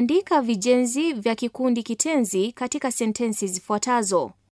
Andika vijenzi vya kikundi kitenzi katika sentensi zifuatazo.